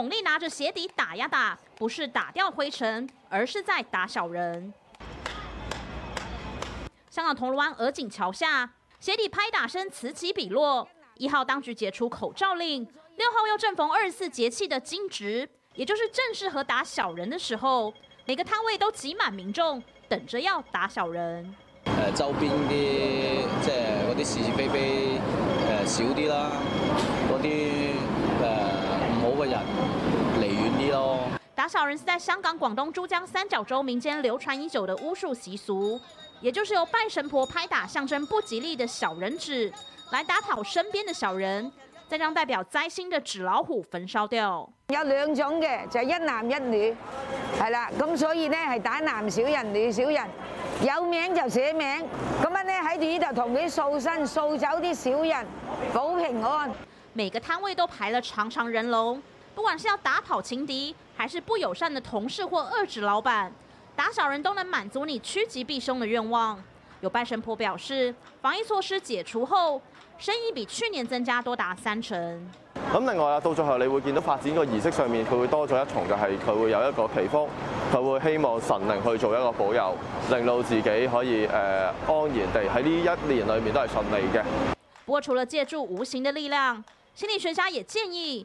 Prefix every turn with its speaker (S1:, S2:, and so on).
S1: 鞏力拿着鞋底打呀打，不是打掉灰塵，而是在打小人。香港銅鑼灣鵝頸橋下，鞋底拍打聲此起彼落。一號當局解除口罩令，六號又正逢二十四節氣的驚蟄，也就是正適合打小人的時候。每個攤位都擠滿民眾，等着要打小人。
S2: 誒，周邊啲即係啲是是非非少啲啦，啲。人離遠啲咯，
S1: 打小人是在香港、廣東珠江三角洲民間流傳已久的巫術習俗，也就是由拜神婆拍打象徵不吉利的小人紙，來打跑身邊的小人，再將代表災星的紙
S2: 老虎焚燒掉。有兩種嘅，就係一男一女，係啦，咁所以呢，係打男小人、女小人，有名就寫名，咁樣呢，喺呢度同佢掃身、掃走啲小人，保平安。每個
S1: 攤位都排了長長人龍。不管是要打跑情敵，還是不友善的同事或遏止老闆，打小人都能滿足你趨吉避凶的願望。有拜神婆表示，防疫措施解除後，生意比去年增加多達三成。
S2: 咁另外啊，到最後你會見到發展個儀式上面，佢會多咗一重的是，就係佢會有一個祈福，佢會希望神靈去做一個保佑，令到自己可以誒安然地喺呢一年裏面都係順利嘅。
S1: 不過，除了借助無形的力量，心理學家也建議。